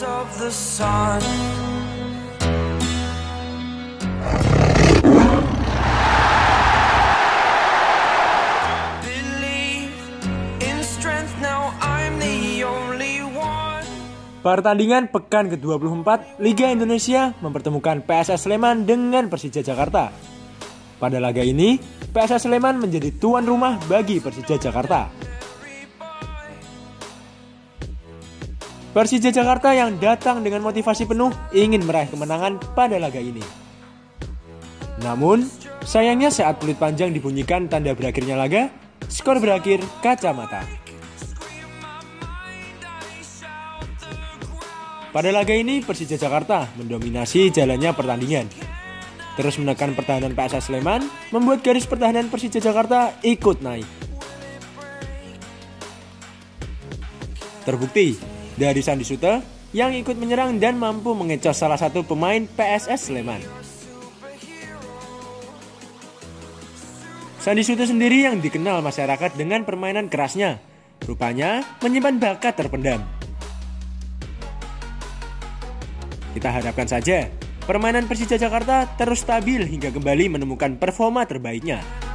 Pertandingan pekan ke-24 Liga Indonesia mempertemukan PSS Sleman dengan Persija Jakarta. Pada laga ini, PSS Sleman menjadi tuan rumah bagi Persija Jakarta. Persija Jakarta yang datang dengan motivasi penuh ingin meraih kemenangan pada laga ini. Namun, sayangnya saat peluit panjang dibunyikan tanda berakhirnya laga, skor berakhir kacamata. Pada laga ini, Persija Jakarta mendominasi jalannya pertandingan. Terus menekan pertahanan PSS Sleman, membuat garis pertahanan Persija Jakarta ikut naik. Terbukti, dari Sandi Sute, yang ikut menyerang dan mampu mengecoh salah satu pemain PSS Sleman. Sandi Sute sendiri yang dikenal masyarakat dengan permainan kerasnya, rupanya menyimpan bakat terpendam. Kita harapkan saja permainan Persija Jakarta terus stabil hingga kembali menemukan performa terbaiknya.